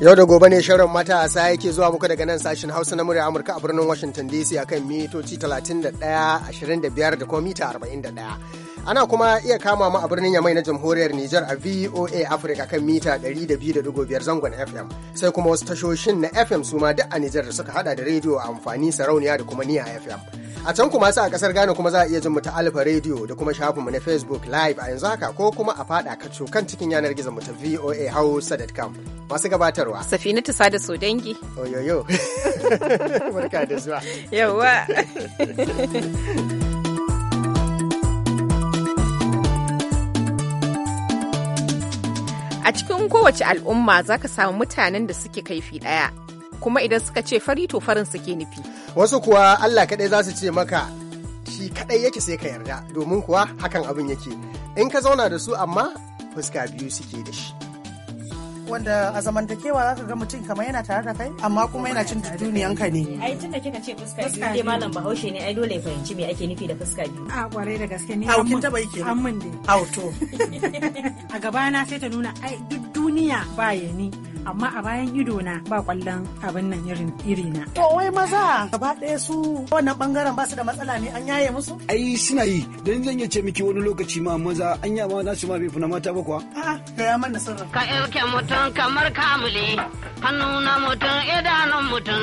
Yau da gobe ne shirin matasa yake zuwa muku daga nan sashen Hausa na murya Amurka a birnin Washington DC akan mitoci 31, 25 da kuma mita 41. ana kuma iya kama mu a birnin yamai na jamhuriyar Nijar a VOA Africa kan mita 200.5 zangon FM sai kuma wasu tashoshin na FM su ma duk a Nijar da suka hada da rediyo a amfani sarauniya da kuma niya FM. A can kuma sa a kasar Ghana kuma za a iya jin mu ta Alfa rediyo da kuma shafin mu na Facebook Live a yanzu haka ko kuma a fada ka kan cikin yanar gizon mu ta VOA Hausa.com. Masu gabatarwa. Safina ta sada so dangi. Oyoyo. Barka da zuwa. Yawwa. A cikin kowace al'umma za ka samu mutanen da suke kaifi ɗaya. kuma idan suka ce fari to farin suke nufi wasu kuwa Allah kaɗai za su ce maka shi kaɗai yake sai ka yarda domin kuwa hakan abin yake in ka zauna da su amma fuska biyu suke da shi wanda a zamantakewa za ka ga mutum kamar yana tare da kai amma kuma yana cin ka ne. Ai tun da kika ce fuska biyu ne malam Bahaushe ne ai dole ya fahimci me ake nufi da fuska biyu. A kwarai da gaske ne. Hau kin taba yake. Hau to. A gaba na sai ta nuna ai duk duniya ba ya ni. amma a bayan ido na ba kwallon abin nan irin iri na. To wai maza gaba ɗaya su wannan bangaren ba su da matsala ne an yaye musu? Ai suna yi don zan iya ce miki wani lokaci ma maza an yi na su ma bai fi mata ba kuwa. A'a ya mana sirri. Ka ɗauke mutum kamar kamule hannu na mutum idanun mutum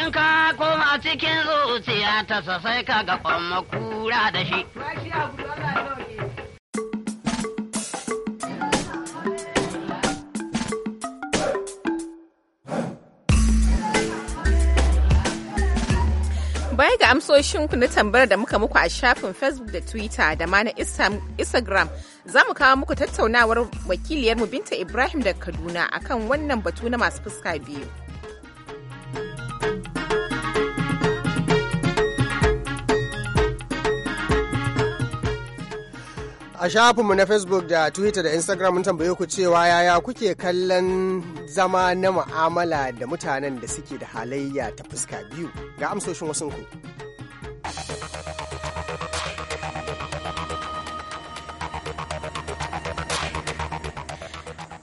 in ka koma cikin zuciya ta sosai ka ga kura da shi. Baya ga amsoshinku na tambayar da muka muku a shafin Facebook da Twitter da ma na Instagram, za mu kawo muku tattaunawar wakiliyarmu Binta Ibrahim da Kaduna akan wannan batu na masu fuska biyu. a shafinmu na facebook da twitter da instagram mun tambaye ku cewa yaya kuke kallon zama na mu'amala da mutanen da suke da halayya ta fuska biyu ga amsoshin wasu ku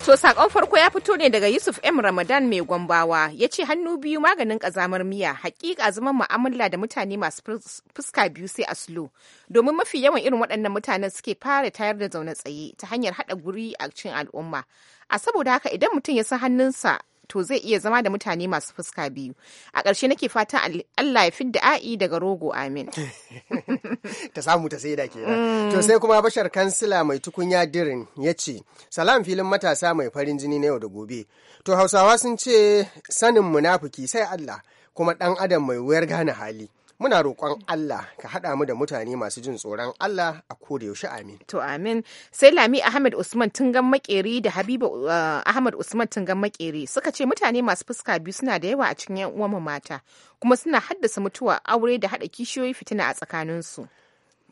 To sakon farko ya fito ne daga Yusuf M Ramadan mai gwambawa ya ce hannu biyu maganin kazamar miya hakika zaman mu'amala da mutane masu fuska biyu sai a slow domin mafi yawan irin waɗannan mutanen suke fara tayar da zaune tsaye ta hanyar haɗa guri a cikin al'umma a saboda haka idan mutum ya san hannunsa to zai iya zama da mutane masu fuska biyu a ƙarshe nake fata Allah ya fidda a'i daga rogo amin ta samu ta saida kenan mm. to sai kuma bashar kansila mai tukunya dirin ya ce salam filin matasa mai farin jini na yau da gobe to hausawa sun ce sanin munafuki sai Allah kuma ɗan adam mai wuyar gane hali muna roƙon Allah ka haɗa mu da mutane masu jin tsoron Allah a koda yaushe amin to amin sai Lami Ahmed Usman Tungan Makeri da Habiba uh, Ahmed Usman Tungan Makeri suka ce mutane masu fuska biyu suna da yawa a cikin yan uwanmu mata kuma suna haddasa mutuwa aure da haɗa kishiyoyi fitina a tsakaninsu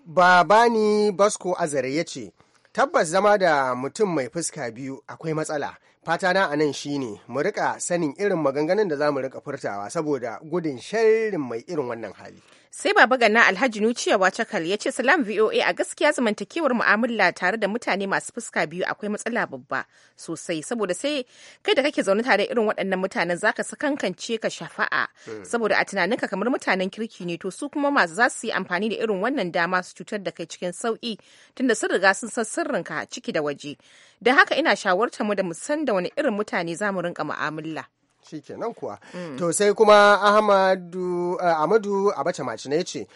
Babani Basko Azare ya ce tabbas zama da mutum mai fuska biyu akwai matsala fata na a nan shine mu rika sanin irin maganganun da za mu rika furtawa saboda gudun sharrin mai irin wannan hali sai baba ganna alhaji nuciyawa cakal ya ce salam voa a gaskiya zamantakewar mu'amala tare da mutane masu fuska biyu akwai matsala babba sosai saboda sai kai da kake zaune tare irin waɗannan mutanen zaka sakankance ka shafa'a eh. saboda a tunaninka kamar mutanen kirki ne to su kuma masu za su yi amfani da irin wannan dama su cutar da kai cikin sauki tunda sun riga sun san sirrinka ciki da waje da haka ina shawartar mu da mu san da wani irin mutane za mu rinka mu'amala. shi kenan kuwa mm. to sai kuma ahmadu eh, amadu abacha ne ce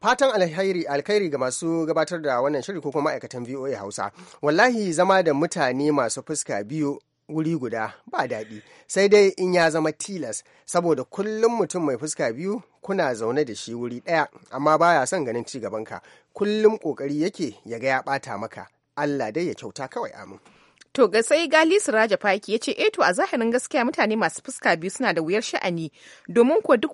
fatan alkhairi alkhairi ga masu gabatar da wannan shirin ko kuma ma'aikatan voa hausa wallahi zama da mutane masu fuska biyu wuri guda ba daɗi sai dai in ya zama tilas saboda kullum mutum mai fuska biyu kuna zaune da shi wuri ɗaya amma baya son ganin ci gaban ka kullum ƙoƙari yake ya ga ya ɓata maka allah dai ya kyauta kawai amin To ga sai Gali Siraja Faki ya ce "E to a zahirin gaskiya mutane masu fuska biyu suna da wuyar sha'ani domin kuwa duk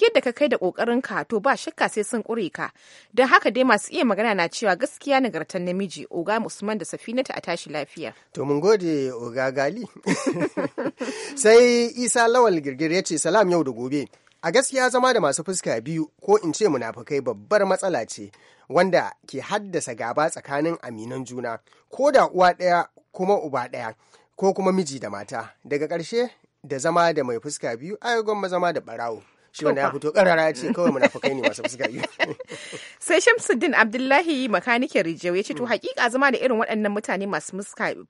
yadda ka kai da kokarin ka to ba shakka sai sun kure ka. Don haka dai masu iya magana na cewa gaskiya nagartan namiji Oga Musamman da Safinata a tashi lafiya. To mun gode Oga Gali. sai Isa Lawal Girgir ya ce salam yau da gobe. A gaskiya zama da masu fuska biyu ko in ce munafukai babbar matsala ce wanda ke haddasa gaba tsakanin aminan juna ko da uwa ɗaya kuma uba ɗaya ko kuma miji da mata daga ƙarshe da zama da mai fuska biyu ai mazama zama da ɓarawo shi wanda ya fito karara ya ce kawai munafukai ne masu fuska biyu sai Shamsuddin Abdullahi makanikin Rijau ya ce to hakika zama da irin waɗannan mutane masu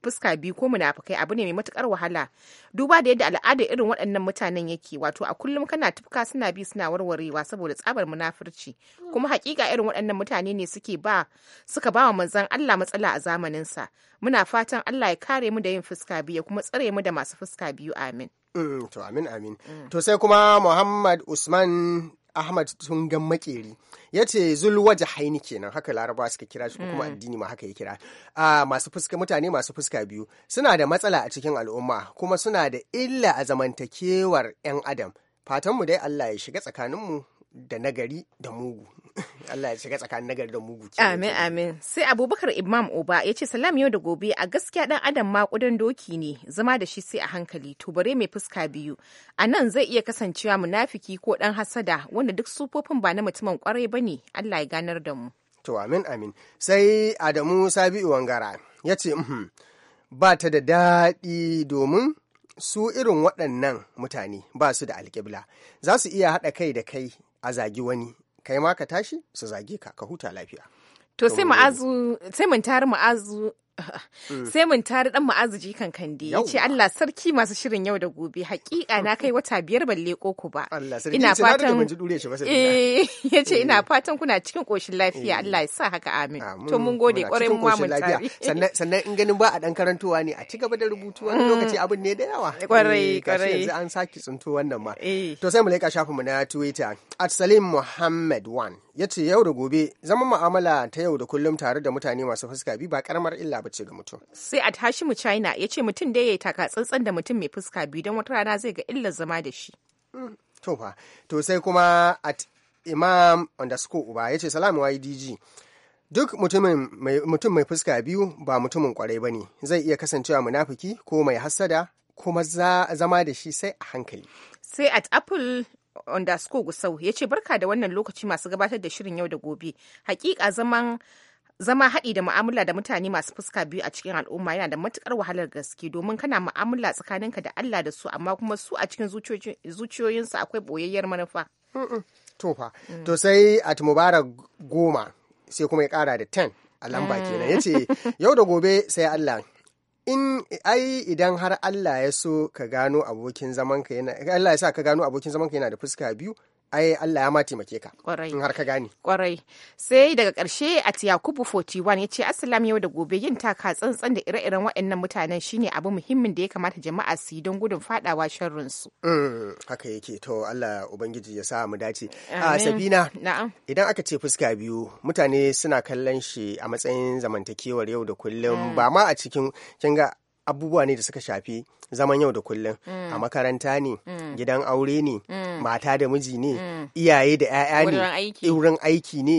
fuska biyu ko munafukai abu ne mai matukar wahala duba da yadda al'ada irin waɗannan mutanen yake wato a kullum kana tufka suna bi suna warwarewa saboda tsabar munafurci kuma hakika irin waɗannan mutane ne suke ba suka ba wa manzon Allah matsala a zamaninsa muna fatan Allah ya kare mu da yin fuska biyu kuma tsare mu da masu fuska biyu amin Mm, to amin amin mm. to sai kuma muhammad usman Ahmad Tungan Makeri ya ce zulwaja haini kenan haka laraba suka kira shi kuma mm. addini ma haka ya kira a masu fuska mutane masu fuska biyu suna da matsala a cikin al'umma kuma suna da illa a zamantakewar 'yan adam fatanmu dai Allah ya shiga tsakaninmu da nagari da mugu Allah ya shiga tsakanin nagari da mugu. Amin amin. Sai Abubakar Imam Oba ya ce salam yau da gobe a gaskiya dan adam ma makudan doki ne zama da shi sai a hankali tubare mai fuska biyu. A nan zai iya kasancewa munafiki ko dan hasada wanda duk sufofin ba na mutumin kwarai bane Allah ya ganar da mu. To amin amin. Sai Adamu Sabi'u Wangara ya ce ba ta da daɗi domin su irin waɗannan mutane ba su da alƙibla za su iya haɗa kai da kai a zagi wani kai ma ka tashi su zage ka ka huta lafiya to sai ma'azu sai mun tari ma'azu Mm. sai mun tare dan ma'aziji kan kandi ya ce Allah sarki masu shirin yau da gobe hakika na kai wata biyar ban leko ku ba ina fatan eh, ya ce ina mm. fatan kuna cikin koshin lafiya mm. Allah ya sa haka amin to mun gode kwarai mu mun tare sannan in ganin ba a dan karantowa ne a ci gaba da rubutu wani lokaci abin ne da yawa kwarai kwarai eh, yanzu an saki tsinto wannan ma eh. to sai mu leka shafin mu na Twitter at Salim Muhammad 1 ya ce yau da gobe zama ma'amala ta yau da kullum tare da mutane masu fuska biyu ba karamar illa ba ce ga mutum. Sai a Hashimu China ya ce mutum da ya yi taka tsantsan da mutum mai fuska biyu don wata rana zai ga illar zama da shi. Hmm, to fa, to sai kuma at Imam underscore Uba ya ce salamu YDG. duk mutum mai fuska biyu ba mutumin kwarai ba ne zai iya kasancewa munafuki ko mai hassada kuma za, zama da shi sai a hankali sai at apple underscore gusau ya ce barka da wannan lokaci masu gabatar da shirin yau da gobe hakika zaman zama haɗi da mu'amala da mutane masu fuska biyu a cikin al'umma yana da matukar wahalar gaske domin kana mu'amala tsakaninka da Allah da su amma kuma su a cikin zuciyoyinsu akwai boyayyar manufa. To to sai at mubarak goma sai kuma ya kara da 10 a lamba mm. kenan ya ce yau da gobe sai Allah in ai idan har Allah ya so ka gano abokin zamanka yana Allah ya sa ka gano abokin zamanka yana da fuska biyu ai Allah ya ma taimake ka in har ka gane kwarai sai daga karshe a Yakubu 41 ya ce assalamu yau da gobe yin taka tsantsan da ire-iren waɗannan mutanen shine abu muhimmin da ya kamata jama'a su yi don gudun fadawa sharrin su mm, haka yake to Allah ubangiji ya sa mu dace a Sabina na'am idan aka ce fuska biyu mutane suna kallon shi a matsayin zamantakewar yau da kullum mm. ba ma a cikin kinga abubuwa ne da suka shafi zaman yau da kullum a mm. makaranta ne mm. gidan aure ne mm. mata da miji ne iyaye da 'ya'ya ne wurin aiki ne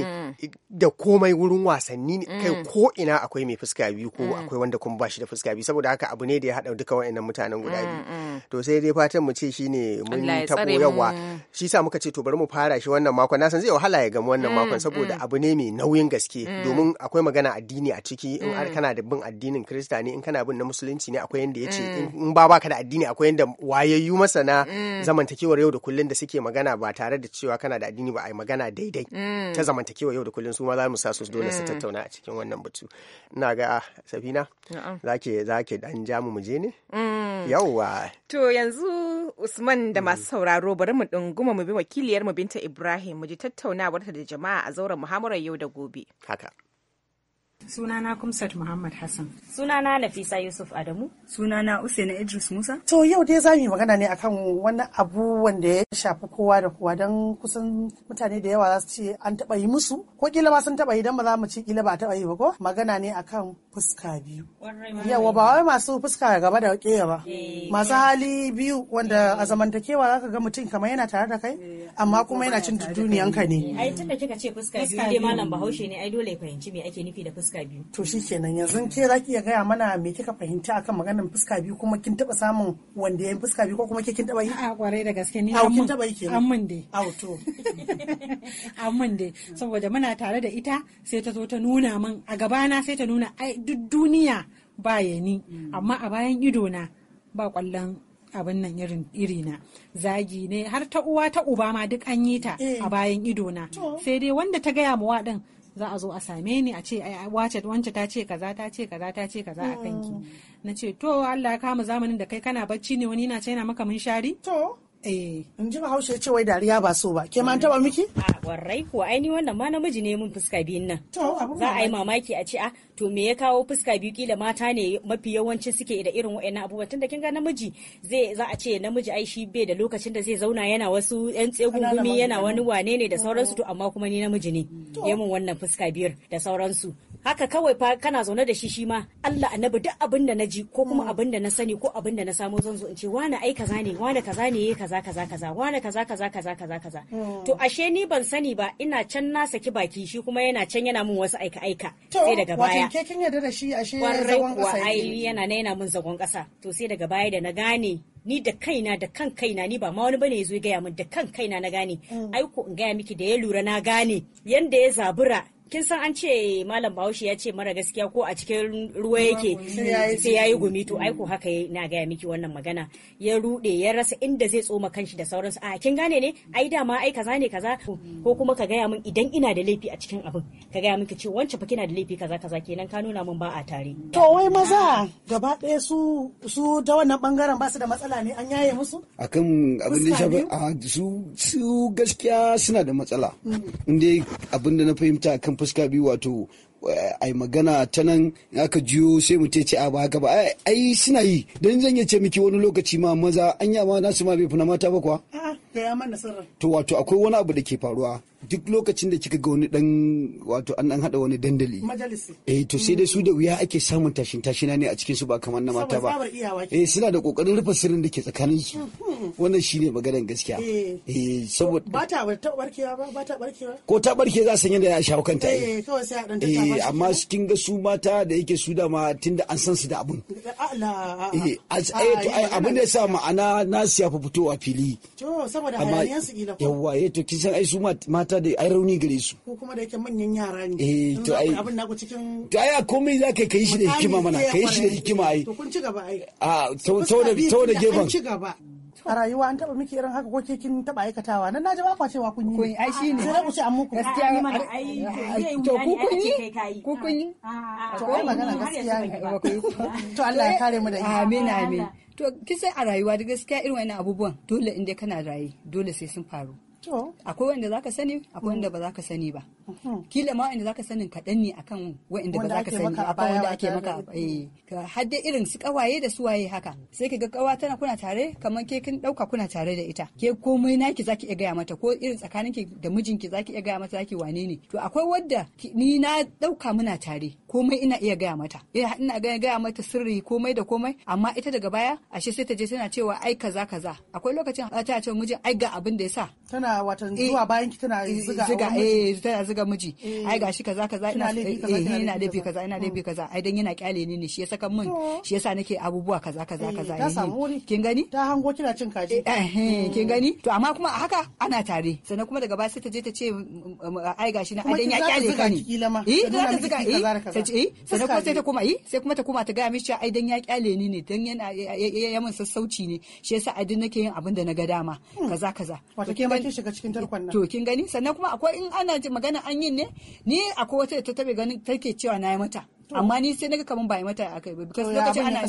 da komai wurin wasanni ne kai ko ina akwai mai fuska biyu ko akwai wanda kuma ba shi da fuska biyu saboda haka abu ne da ya haɗa duka wa'annan mutanen guda biyu to sai dai fatan mu ce ne mun taɓo yawa shi sa muka ce to bari mu fara shi wannan makon na san zai wahala ya gamu wannan makon saboda abu ne mai nauyin gaske domin akwai magana addini a ciki in kana da bin addinin kirista ne in kana bin na musulunci ne akwai yanda ya ce in ba ma baka da addini akwai yadda wayayyu masana mm. zamantakewar yau da kullun da suke magana ba tare da cewa kana da addini ba a yi magana daidai mm. ta zamantakewar yau da kullun su ma za mu sa su dole su mm. tattauna a cikin wannan batu ina ga ah, safina zake zake dan jamu mu je ne yauwa to yanzu usman da masu sauraro bari mu dinguma mu bi wakiliyar mu binta ibrahim mu ji tattaunawar ta da jama'a a zauren muhammara yau da gobe haka Sunana Kumsat Muhammad Hassan. Sunana Nafisa Yusuf Adamu. Sunana Usaini Idris Musa. To yau dai za mu yi magana ne akan wani abu wanda ya shafi kowa da kowa don kusan mutane da yawa za su ce an taɓa yi musu ko kila ma sun taɓa yi don ba za mu ci kila ba a taɓa yi ba ko magana ne akan fuska biyu. Yawa ba wai masu fuska gaba da ƙeya ba. Eh. Masu hali biyu wanda eh. a zamantakewa za ka ga mutum kamar yana tare da kai eh. amma kuma yana cin duniyanka ne. Ai tunda kika ce fuska biyu dai malam Bahaushe ne ai dole ya fahimci me ake nufi da fuska fuska biyu to kenan yanzu ke za ki iya gaya mana me kika fahimta akan maganar fuska biyu kuma kin taba samun wanda yayin fuska biyu ko kuma ke kin taba yi a kwarai da gaske ni kin taba yi kenan Amman dai au to Amman dai saboda muna tare da ita sai ta zo ta nuna min a gabana sai ta nuna ai duk duniya ba ya ni mm. amma a bayan ido na ba kwallon abin nan irin irina zagi ne har ta uwa ta uba ma duk an yi ta eh. a bayan ido na sai dai wanda ta gaya ma waɗin za a zo a same ni a ce wace wance ta ce kaza ta ce kaza ta ce kaza a kanki mm. na ce to Allah ya kama zamanin da kai kana bacci ne wani yana ce yana maka munshari to eh in ji bahaushe ce wai dariya ba so ba ke ma taba miki a warrai ko ai ni wannan ma namiji ne mun fuska biyun nan za a yi mamaki a ce a ah, to me ya kawo fuska biyu kila mata ne mafi yawanci suke da irin wa'annan abubuwa tunda kin ga namiji zai za a ce namiji ai shi bai da lokacin da zai zauna yana wasu yan tsegungumi yana wani wane ne da sauransu to amma kuma ni namiji ne mun wannan fuska biyar da sauransu haka kawai fa kana zaune da shi shi ma Allah annabi duk abin da naji ko kuma mm. abin da na sani ko abin da na samu zan zo in ce wani ai kaza ne wani kaza ne yayi kaza kaza kaza wani kaza kaza kaza kaza kaza mm. to ashe ni ban sani ba ina can na saki baki shi kuma yana can yana min wasu aika aika sai daga baya daya ke kin yarda da shi zagon kasa Ai yana na yana mun zagon kasa to sai daga baya da na gane ni da kaina da kan kaina ni ba ma wani bane yazo ya gaya min da kan kaina na gane mm. aiko in gaya miki da ya lura na gane yanda ya zabura kin san an ce malam bahaushe ya ce mara gaskiya ko a cikin ruwa yake sai ya yi gumi to aiko haka na gaya miki wannan magana ya rude ya rasa inda zai tsoma kanshi da sauransu a kin gane ne ai dama ai kaza ne kaza ko kuma ka gaya min idan ina da laifi a cikin abin ka gaya min ka ce wancan fa kina da laifi kaza kaza kenan ka nuna min ba a tare to wai maza gaba ɗaya su su ta wannan bangaren ba su da matsala ne an yaye musu akan abin da shafi su su gaskiya suna da matsala mm. inda abin da na fahimta kan fuska biyu wato ai magana ta nan aka jiyo sai mu ce a ba haka ba ai suna yi don zan iya ce miki wani lokaci ma maza an yi ma nasu ma bai fi na mata ba kuwa gaya mana sirrin to wato akwai wani abu da ke faruwa duk lokacin da kika ga wani dan wato an hada wani dandali majalisi eh to sai dai su mm. da wuya ake samun tashin tashina ne a cikin su ba kamar na mata ba eh suna da kokarin rufe sirrin da ke tsakanin su mm, mm. wannan shine maganar gaskiya eh. eh saboda ba ta barkewa ba ba ta barkewa ko ta barke za su yanda ya shawo kanta eh kawai sai a dan ta eh, Eh, amma kin ga su mata da yake su da ma da an san su da abun a ai eh, ah, eh, abin da sa ma'ana na siya fa fitowa fili to saboda hayaniyar su ila ko Yawwa eh to kin san ai su mata da ai rauni gare su ko kuma da yake manyan yara ne eh to ai abin na ku cikin to ai komai za ka kai shi da hikima mana kai shi da hikima ai to kun ci gaba ai a ah, to to da gefen ci gaba a rayuwa an taba miki irin haka ko ke kin taba aikatawa nan naji ba kwa cewa kun yi ai shi ne sai ku ce an muku gaskiya ai to ku kun yi ku kun yi to ai magana gaskiya ne to Allah ya kare mu da amin amin to kisa a rayuwa da gaskiya irin wannan abubuwan dole inda kana raye dole sai sun faru akwai wanda zaka sani akwai wanda ba ka sani ba mm-hmm. kila ma wanda zaka sani kaɗan ne akan wanda ba eh, ka sani akan wanda ake maka eh har dai irin su ƙawaye da suwaye haka sai ka ga kawa tana kuna tare kamar ke kin ɗauka kuna tare da ita ke komai naki zaki iya gaya mata ko irin tsakaninki da mijinki zaki iya gaya mata zaki wane ne to akwai wadda ni na ɗauka muna tare komai ina iya gaya mata eh, ina gaya gaya mata sirri komai da komai amma ita daga baya ashe sai ta je tana cewa ai kaza kaza akwai lokacin ta ce mijin ai ga abin da sa. tana tana watan eh, zuwa bayan ki tana ziga ziga eh, eh tana ziga miji eh, ai gashi kaza kaza ina ina laifi kaza ina oh. laifi kaza ai dan yana kyale ni ne shi ya saka min oh. shi yasa nake abubuwa kaza kaza kaza kin gani ta hango kina cin kaji eh mm. kin gani to amma kuma haka ana tare sannan kuma daga baya sai ta je ta ce ai gashi na ai dan ya kyale ka ni eh ta ziga ta ce eh sannan kuma sai ta koma eh sai kuma ta koma ta ga mishi ai dan ya kyale ni ne dan yana ya min sassauci ne shi yasa ai dan nake yin abin da na ga dama hmm. kaza kaza wato ke ba kin shiga cikin tarkon nan kin gani sannan kuma akwai in ana magana an yin ne ni akwai wata da ta tabe ganin take cewa na yi mata amma ni sai naga kaman ba yi mata akai ba because lokacin ana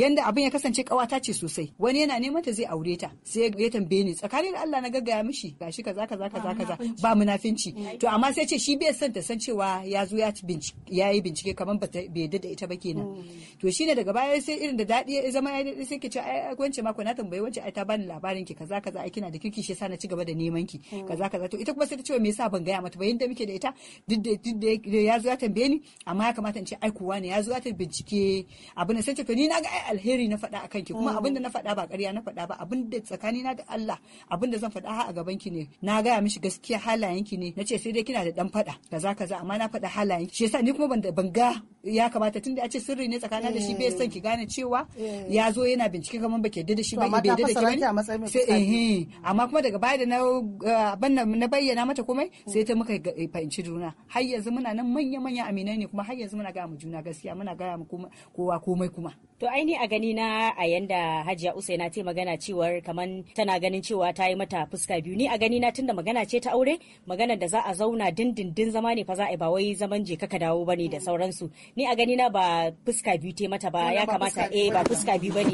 yanda abin ya kasance kawata ce sosai wani yana neman ta zai aure ta sai ya tambaye ni tsakanin da Allah na gaggaya mishi gashi kaza kaza kaza kaza ba munafinci to amma sai ce shi bai san ta san cewa ya zo ya yi bincike kaman bai yadda da ita ba kenan hmm. to shine daga baya sai irin da dadi ya zama ya dadi sai ki ce ai wance mako na tambaye wance ai ta bani labarin ki kaza kaza ai kina da kirki shi sa na ci gaba da neman ki hmm. kaza kaza to ita kuma sai ta ce me yasa ban gaya mata ba yanda muke da ita duk da ya zo ya tambaye ni amma ya kamata in ce aikuwa ne ya zo ta bincike abin da sai to ni na ga ai alheri na faɗa akan ki kuma abin da na faɗa ba ƙarya na faɗa ba abin da tsakani na da Allah abin da zan faɗa a gaban ki ne na gaya mishi gaskiya halayen ki ne nace sai dai kina da dan faɗa kaza kaza amma na faɗa halayen shi yasa ni kuma ban ban ga ya kamata tunda a ce sirri ne tsakanin da shi bai son ki gane cewa eh. ya zo yana bincike kaman ba ke da shi ba bai da ki bane sai eh, eh amma kuma daga baya da na eh, na bayyana mata komai sai mm. ta muka fahimci juna har yanzu muna nan manya manya aminai ne kuma har yanzu muna ga mu juna gaskiya muna gaya mu kowa komai kuma to aini a gani na a yanda hajiya usaina ta magana cewar kaman tana ganin cewa ta yi mata fuska biyu ni a gani na tunda magana ce ta aure magana da za a zauna dindindin zama ne fa za a ba wai zaman je kaka dawo bane da sauransu ni a gani na ba fuska biyu ta mata ba ya kamata eh ba fuska biyu bane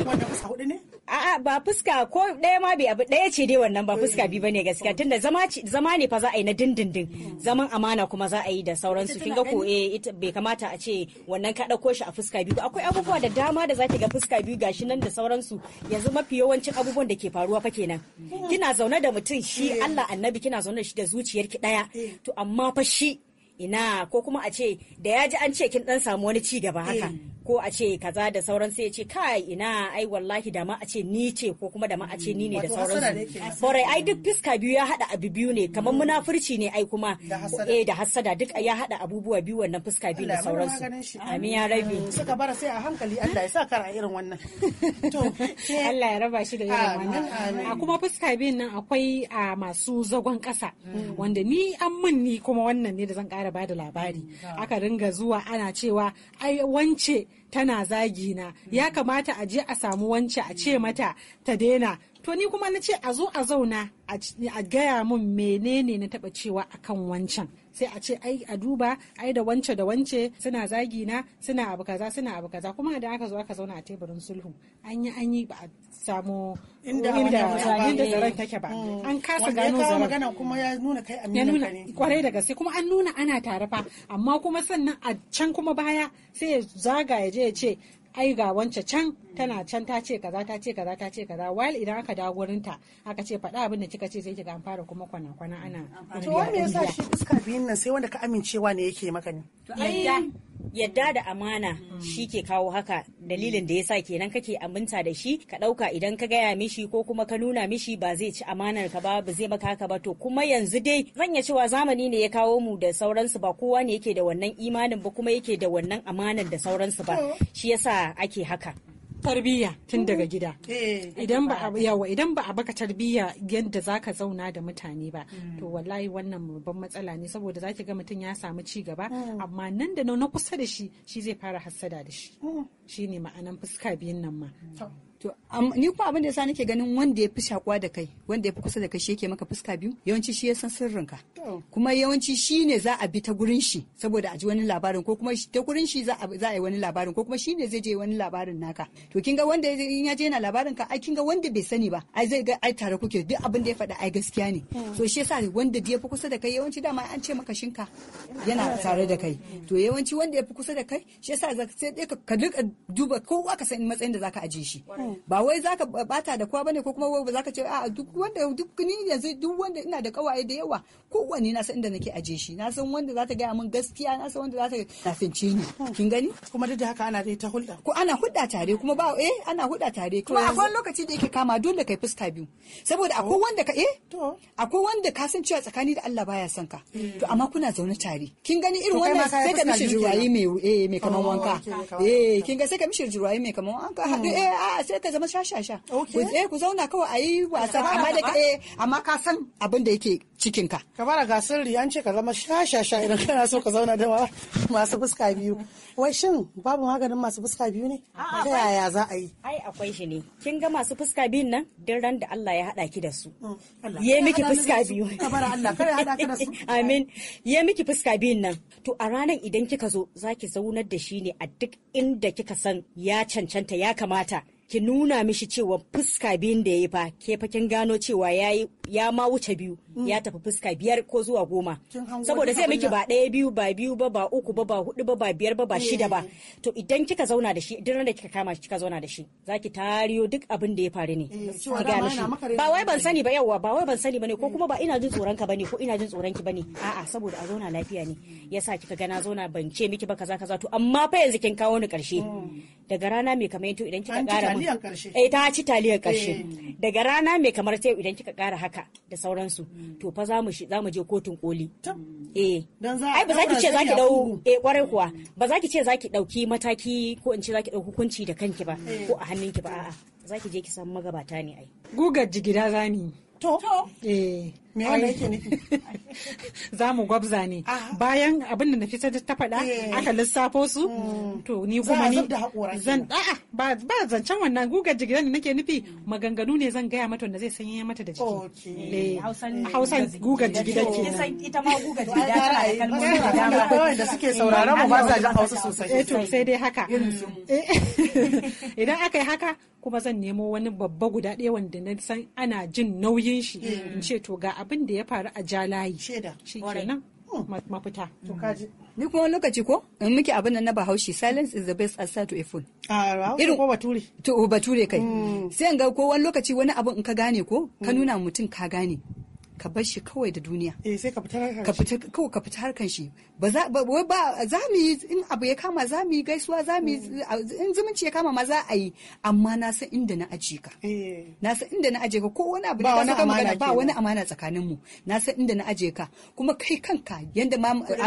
A'a ba fuska ko ɗaya ma bai abu ɗaya ce dai wannan ba fuska bi bane gaskiya mm. tunda zama zama ne fa za a yi na dindindin zaman amana kuma za a yi da sauransu kin ga ko eh bai kamata a ce wannan ka ɗauko shi a fuska biyu akwai abubuwa da dama da zaki ga fuska biyu gashi nan da sauransu yanzu mafi yawancin abubuwan da ke faruwa fa kenan mm. kina zaune da mutum shi eh. Allah annabi kina zaune da shi da zuciyarki ɗaya eh. to amma fa shi ina ko kuma a ce da ya ji an ce kin dan samu wani ci gaba haka eh. ko a ce kaza da sauran sai ce kai ina ai wallahi da ma a ce ni ce ko kuma da ma a ce ni ne da sauran borai ai duk fiska biyu ya hada abu biyu ne kamar munafurci ne ai kuma eh da hasada duk ya hada abubuwa biyu wannan fiska biyu da sauran su amin ya rabi suka bara sai a hankali Allah ya sa kar a irin wannan to Allah ya raba shi da irin wannan a kuma fiska biyun nan akwai a masu zagon kasa wanda ni an mun ni kuma wannan ne da zan kara bada labari mm. aka ringa zuwa ana cewa ai wance tana zagi na ya kamata a je a samu wance a ce mata ta daina to ni kuma na ce a zo a zauna a gaya mun menene na taba cewa akan wancan sai a ce ai a duba ai da wance da wance suna zagi na suna abu kaza suna abu kaza kuma da aka zo aka zauna a teburin sulhu an yi an yi ba a samu inda inda eh. zaren take ba mm. an kasa gano zaren magana kuma ya nuna kai amina ne kwarai da gaske kuma an nuna ana tare fa amma kuma sannan a can kuma baya sai ya zaga ya je ya ce ai ga wance can tana can ta ce kaza ta ce kaza ta ce kaza while idan aka dawo gurin ta aka ce faɗa abin da kika ce sai kiga an fara kuma kwana kwana ana to wanda yasa shi iska biyun nan sai wanda ka amincewa ne yake maka ne yadda da amana shi ke kawo haka dalilin da yasa kenan kake aminta da shi ka ɗauka idan ka gaya mishi ko kuma ka nuna mishi ba zai ci amanar ka ba ba zai maka haka ba to kuma yanzu dai zan iya cewa zamani ne ya kawo mu da sauransu ba kowa ne yake da wannan imanin ba kuma yake da wannan amanar da sauransu ba shi yasa ake haka tarbiyya tun daga gida eh. idan ba yawa idan ba a baka tarbiyya yadda zaka zauna da mutane ba to mm. wallahi wannan babban matsala ne saboda zaki ga mutum ya samu ci gaba mm. amma nan da na kusa da shi shi zai fara hassada da shi mm. shine ma'anan fuska biyun nan ma To ni kuma abin da yasa nake ganin wanda ya fi shakuwa da kai wanda ya fi kusa da kai shi yake maka fuska biyu yawanci shi ya san sirrinka. Kuma yawanci shi ne za a bi ta gurin shi saboda a ji wani labarin ko kuma ta gurin shi za a yi wani labarin ko kuma shi ne zai je wani labarin naka. To kin ga wanda in ya je yana labarin ka ai kin ga wanda bai sani ba ai zai ga ai tare kuke duk abin da ya faɗa ai gaskiya ne. Hmm. So shi yasa wanda ya fi kusa da kai yawanci dama an ce maka shinka yana tare da kai. To yawanci wanda ya fi kusa da kai shi yasa sai ka ka duba kowa ka san matsayin da zaka ajiye shi. Hmm. ba wai zaka bata da kowa bane ko kuma wai zaka ce a duk wanda duk ni yanzu duk wanda ina da kawaye da yawa kowanne na san inda nake aje shi na san wanda zata gaya min gaskiya na san wanda zata tafince ni kin gani kuma duk da haka ana dai ta hulɗa ko ana hulɗa tare kuma ba eh ana hulɗa tare kuma akwai lokaci da yake kama dole kai fuska biyu saboda akwai wanda ka eh akwai wanda ka san cewa tsakani da Allah baya son ka eh. to amma kuna zaune tare kin gani irin wannan sai ka mishi jurayi mai eh mai kaman oh, wanka eh kin ga sai ka mishi jurayi mai kaman wanka hmm. eh a sai ta zama sha okay eh ku zauna kawai ayi wasa amma da ka eh, amma ka san abin da yake cikin ka ka fara ga sirri an ce ka zama sha sha sha idan kana so ka zauna da masu fuska biyu wai shin babu maganin masu fuska biyu ne ta yaya za a yi ai akwai shi ne kin ga masu fuska biyun nan duk ran da Allah ya haɗa ki da su mm, ye miki fuska biyu Allah ya haɗa ki da su amin ye miki fuska biyun nan to a ranar idan kika zo zaki zaunar da shi ne a duk inda kika san ya cancanta ya kamata ki nuna mishi cewa fuska biyun da ya fa ke fa kin gano cewa ya ya ma wuce biyu mm. ya tafi fuska biyar ko zuwa goma saboda sai miki ba ɗaya biyu ba biyu ba ba uku ba ba hudu ba ba biyar ba ba eh. shida ba to idan kika zauna da shi idan da kika kama kika zauna da shi zaki tariyo duk abin da ya faru ne eh, ki ga shi ba wai ban sani ba yawa ba wai ban sani ba ne ko mm. kuma ba ina jin tsoron ka bane ko ina jin tsoron ki bane a'a saboda a zauna lafiya ne mm. yasa kika gana zauna ban ce miki ba kaza kaza to amma fa yanzu kin kawo ni karshe daga rana mai kamar to idan kika kara taliyan mm. karshe eh ta ci taliyar eh. karshe daga rana mai kamar sai idan kika kara haka da sauransu mm. to fa za mu shi za mu je kotun koli eh ai ba za ki ce za ki dau eh kwarai kuwa ba za ki ce za ki dauki mataki ko in ce za ki dauki hukunci da kanki ba eh. ko a hannunki ba a'a za ki je ki samu magabata ne ai gugar jigida zani to eh me yake nufi za mu gwabza ne bayan abin da Nafisa ta faɗa eh. aka lissafo su hmm. to ni kuma ni zan a'a ba zancen wannan gugar jigilar da nake nufi hmm. maganganu ne zan gaya mata wanda zai sanya mata da jiki eh, eh, Hausan gugar jigilar kenan ita ma gugar jigilar tana da da wanda suke sauraron mu ba sa jin Hausa sosai eh to sai dai haka idan aka yi haka kuma zan nemo wani babba guda ɗaya wanda na san ana jin nauyin shi in ce to ga abin da ya faru a jalayi layi hmm. mafita hmm. ni kuma wani lokaci ko in muke abin nan na bahaushe silence is the best answer to a phone. irin ko bature to bature kai hmm. sai in ga ko wani lokaci wani abu in ka gane ko ka nuna mutum ka gane ka bar shi kawai da duniya eh sai ka fita harkar ka fita kawai ka fita harkar shi ba za ba za mu yi in abu ya kama za mu yi gaisuwa za mu yi hmm. in zumunci ya kama ma za a yi amma na san inda na aje ka eh. na san inda na aje ka ko wani abu da ka magana ba wani amana tsakanin mu na san inda na aje ka kuma kai kanka yanda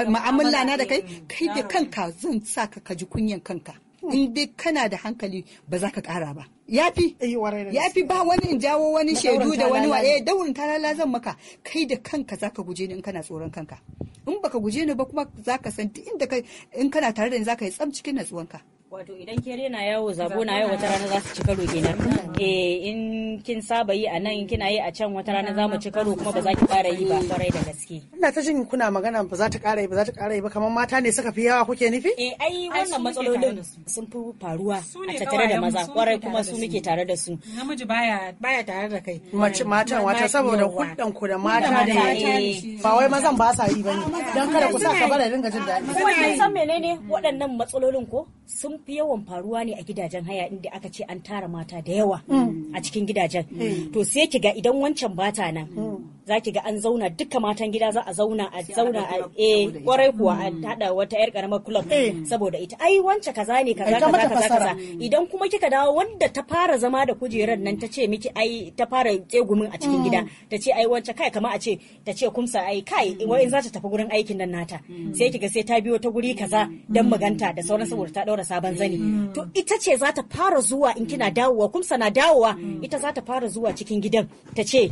ma'amala na da kai kai da kanka zan sa ka ji kunyan kanka in dai kana da hankali ba za ka kara ba yafi eh, yafi ba wani in jawo wani shaidu da wani wa eh daurin talala zan maka kai da kanka zaka guje ni in kana tsoron kanka in baka guje ni ba kuma zaka san duk inda in kana tare da ni zaka yi tsam cikin natsuwanka wato idan ke rena yawo zabo na yau wata rana za su ci karo kenan eh in kin saba yi a nan kina yi a can wata rana za mu ci karo kuma ba za ki fara yi ba kwarai da gaske ina ta jin kuna magana ba za ta ƙara yi ba za ta ƙara yi ba kamar mata ne suka fi yawa kuke nufi eh ai wannan matsalolin sun fi faruwa a tattare da maza kwarai kuma su muke tare da su namiji baya baya tare da kai mace mata wata saboda hulɗan ku da mata ne. Eh. ba wai mazan ba sa yi ba ne. dan kada ku sa ka bara dinga jin daɗi kuma kin san menene waɗannan matsalolin ko sun fi yawan faruwa ne a gidajen haya inda aka ce an tara mata da yawa mm. a cikin gidajen mm. to sai ki ga idan wancan bata nan mm. za ki ga an zauna duka matan gida za a zauna a zauna a eh kwarai kuwa a mm. hada wata yar karamar club eh. saboda ita ai wance kaza ne kaza kaza kaza kaza idan kuma kika dawo wanda ta fara zama da kujerar nan ta ce miki ai ta fara tsegumin a cikin mm. gida ta ce ai wance kai kama a ce ta ce kumsa ai kai mm. wai za ta tafi gurin aikin nan nata sai kiga sai ta biyo ta guri kaza dan maganta da sauran saboda ta daura sabon zani to ita ce za ta fara zuwa in kina dawowa kumsa na dawowa ita za ta fara zuwa cikin gidan ta ce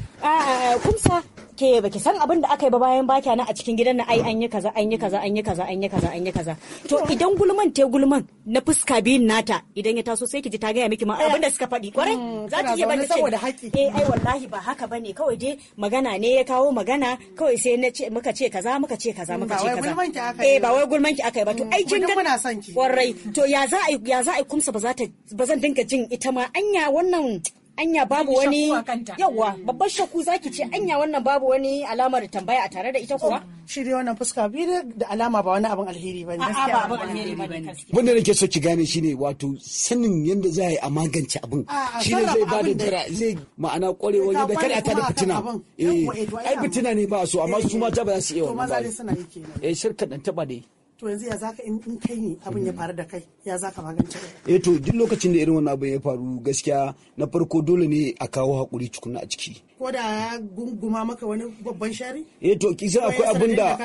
kumsa ke baki san abin da aka yi ba bayan baki nan a cikin gidan na ai an yi kaza an yi kaza an yi kaza an yi kaza an yi kaza to idan gulman te gulman na fuska biyun nata idan ya taso sai ki ji ta gaya miki ma abin da suka faɗi kwarai mm, za ki iya bani saboda haƙi eh ai wallahi ba haka bane kawai dai magana ne ya kawo magana kawai sai na ce muka ce kaza muka ce kaza muka ce mm, kaza eh ba wai gulman ki aka yi ba to ai mm, kin ga muna son ki kwarai to ya za a ya za a kumsa ba za ta ba zan dinga jin ita ma anya wannan anya babu wani yawa babban shakku mm. zaki ce mm. anya wannan babu wani alama da tambaya a tare da ita kuwa oh, shirya wannan fuska biyu da alama ba wani abin alheri ba ne gaskiya ba alheri ba ne wanda nake so ki gane shine wato sanin yadda za a magance abin shine zai ba da dara zai ma'ana kwarewa yadda kada ta da fitina eh, eh ai fitina ne ba so amma eh, su mata ba za su iya wannan ba eh shirka dan taba dai to yanzu ya zaka in kai ne abin ya hmm. faru da kai ya zaka magance eh to duk lokacin da irin wannan abin ya faru gaskiya na farko dole ne a kawo hakuri tukuna a ciki koda ya gunguma maka wani babban shari? eh to kisa akwai abin da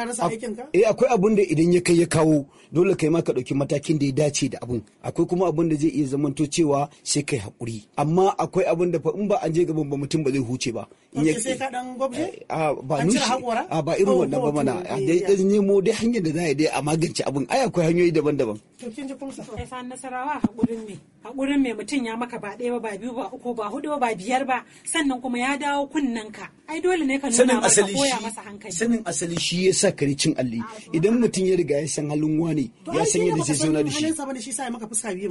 eh akwai abin da idan ya kai ya kawo dole kai ma ka dauki matakin da ya dace da abun akwai kuma abin da zai iya zamanto cewa sai kai hakuri amma akwai abin da fa in ba an je gaban ba mutum ba zai huce ba in ya sai ka dan gwabje eh, a ba nushi a ba irin oh, wannan ba mana eh, dai dai nemo dai hanyar da za a dai a magance abun. ai akwai hanyoyi daban-daban to kin ji kuma sai fa nasarawa hakurin ne hakurin me mutum ya maka ba ɗaya ba ba biyu ba uku ba hudu ba biyar ba sannan kuma ya dawo ka ai dole ne ka nuna masa koya masa hankali sanin asali shi ya sa kare cin alli idan mutum ya riga ya san halin wani ya san yadda zai zauna da shi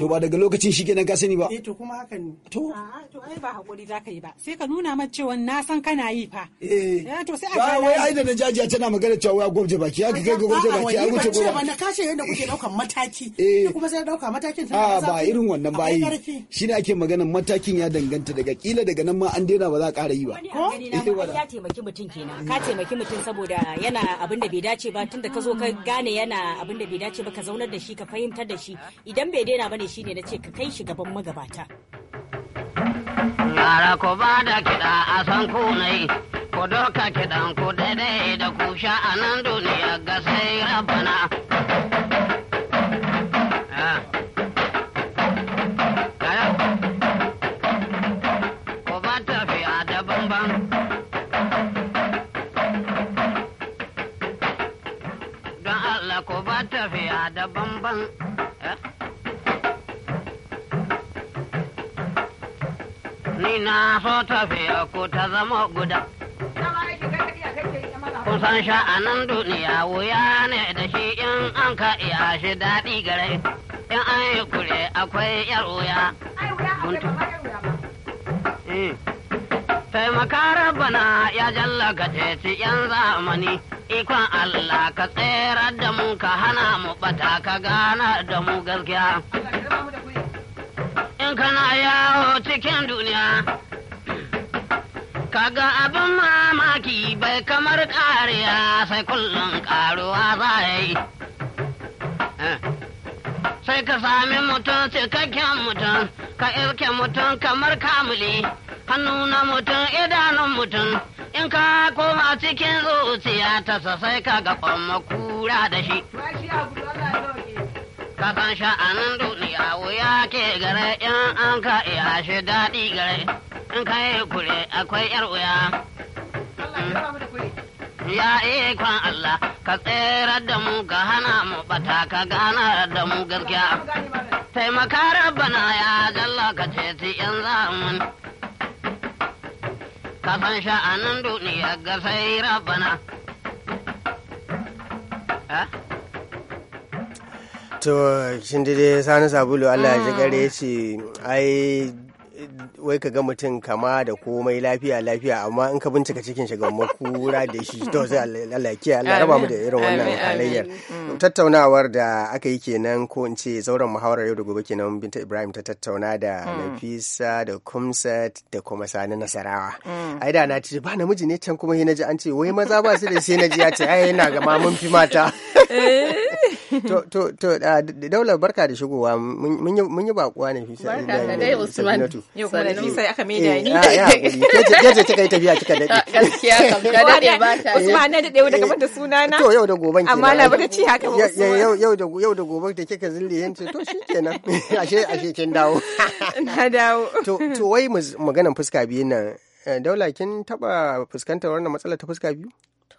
to ba daga lokacin shi kenan ka sani ba eh to kuma haka ne to to ai ba hakuri za ka yi ba sai ka nuna mace cewa na san kana yi fa eh, eh to sai a wai ai da na jajiya tana magana cewa ya gwabje baki ya ga gwabje baki ya wuce ba na kashe yadda kuke daukan mataki eh kuma sai dauka matakin tana ba irin wannan ba yi shine ake magana matakin ya danganta daga kila daga nan ma an daina ba za a ƙara yi ba ko ya taimaki mutum kenan ka taimaki mutum saboda yana abin da bai dace ba tunda ka zo ka gane yana abin da bai dace ba ka zaunar da shi ka fahimtar da shi idan bai daina bane shine na ce ka kai shi gaban magabata Yara ko ba da kiɗa a san ku ne, ku doka kiɗan ku daidai da ku sha a nan duniya ga sai rabana. ba tafiya da bamban ni na so tafiya ko ta zama guda kusan sha'anan duniya wuya ne da shi in an ka iya shi daɗi gare in an yi kure akwai yar wuya eh. taimaka rabbana ya jallaka ce ci yan zamani ikon Allah ka tsere da mu ka hana mu bata ka gana da mu gaskiya. In kana yawo cikin duniya, kaga abin mamaki bai kamar ƙariya sai kullum ƙaruwa za yi. Sai ka sami mutum cikakken mutum, ka irke mutum kamar kamuli, hannu na mutum idanun mutum. in ka koma cikin zuciya ta sai ka ga kura da shi ka san sha'anin duniya wuya ke gare in an ka iya shi daɗi gare in ka yi kure akwai yar wuya ya ikon Allah ka tsere da mu ka hana mu bata ka gana da mu gaskiya taimaka rabbana ya jalla ka ce yan ka san sha'anin duniya ga sai rabana. To, shin dai sani sabulu Allah ya ji gare ah. ce, ai wai ka ga mutum kama da komai lafiya lafiya amma in ka bincika cikin shiga makura da shi to sai Allah ya Allah raba mu da irin wannan halayyar mm. tattaunawar da aka yi kenan ko in ce zauren muhawarar yau da gobe kenan binta Ibrahim ta tattauna da mm. Nafisa da Kumsat da kuma Sani Nasarawa mm. ai da na ce ba namiji ne can kuma na ji an ce wai maza ba su da sai na jiya ya ce ai yana ga mun fi mata eh. to to to daula barka da shigowa mun yi bakuwa ne fisa barka da dai usman yau kuma da sai aka mai da eh, ni ya je kai tafiya kika dade gaskiya kam da dade ba ta usman na dade daga banda sunana to yau da goban kenan amma labar ci haka usman yau yau da yau da goban da kika zille yance to shikenan ashe ashe kin dawo na dawo to to wai maganan fuska biyu nan eh, daula kin taba fuskantar wannan matsala ta fuska biyu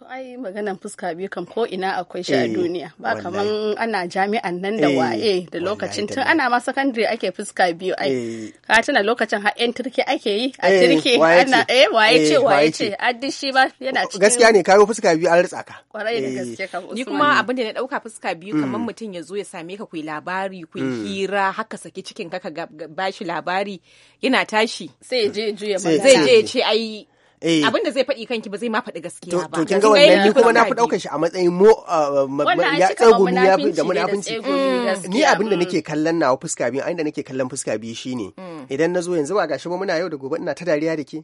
ai maganan fuska biyu kam ko ina akwai shi a eh, duniya ba kaman ana jami'an nan da eh, waye da lokacin tun ana ma sakandare ake fuska biyu ai eh. ka tuna lokacin har yan turke ake yi a turke ana eh waye ce waye ce addin shi ba yana cikin gaskiya ne kayo fuska biyu an ritsa ka kwarai da gaske kam ni kuma abin da na dauka fuska biyu mm. kaman mutum ya zo ya same ka ku labari ku mm. hira haka saki cikin ka ka bashi labari yana tashi sai je juya zai je ce ai Eh. abin da zai faɗi kanki ba zai ma faɗi gaskiya ba to kin ga wannan ni kuma na fi daukar shi a matsayin mu uh, ya ni ya da munafinci mm. ni abin da nake mm. kallon nawa fuska biyu inda nake kallon fuska biyu shine mm. idan nazo yanzu ba gashi ba muna yau da gobe ina ta dariya da ke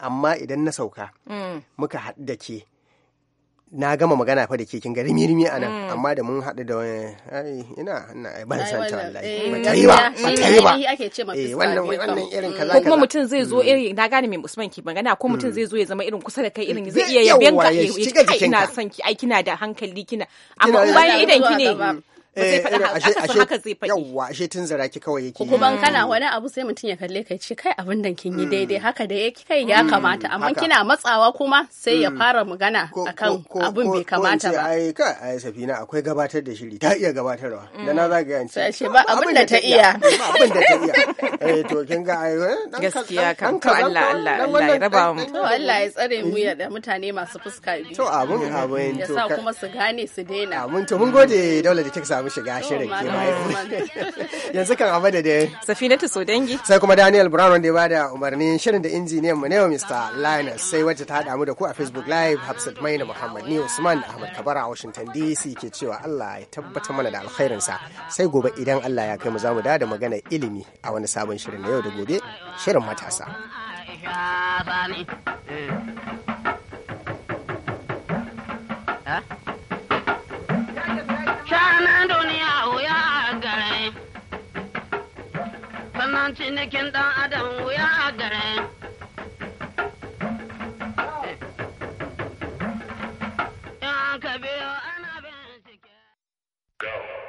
amma idan na sauka muka haɗu da ke na gama magana fa da ke kin ga rimi a nan mm. amma da mun haɗu da wani ai ina ina ban san ta wallahi eh, ba ta yi ba ba ta yi ba eh, eh wannan wannan irin kaza mm. kaza kuma mutum zai zo mm. irin na gane me Usman ki magana ko mutum zai zo ya zama irin kusa da kai irin zai iya yaben ina son ki ai kina da hankali kina amma bayan idan ki ne zai eh, faɗa haka zai faɗi yawwa ashe tun zara ki kawai yake kuma kana mm. wani abu sai mutum ya kalle ka ce kai abin da kin yi mm. daidai haka da yake kai ya mm. kamata amma kina matsawa kuma sai ya fara magana akan abin bai kamata ba ai ka ai safina akwai gabatar da shiri ta iya gabatarwa da na zaga yanci sai ba abin da ta iya ba abin da ta iya eh to kin ga ai gaskiya kan Allah Allah Allah ya raba mu to Allah ya tsare mu ya da mutane masu fuska biyu to abun abun to ya sa kuma su gane su daina abun to mun gode daular da Texas samu shiga oh, shirin ba yanzu kan abu da dai safinatu dangi. sai kuma daniel brown wanda ya bada umarnin shirin da injiniyan mu ne mr linus sai wacce ta hada mu da ku a facebook live hafsat maina muhammad ni usman ahmad kabara a washington dc ke cewa allah ya tabbatar mana da sa sai gobe idan allah ya kai mu zamu da magana ilimi a wani sabon shirin na yau da gobe shirin matasa eh. Huh? Neman cinikin ɗan adam wuya gare.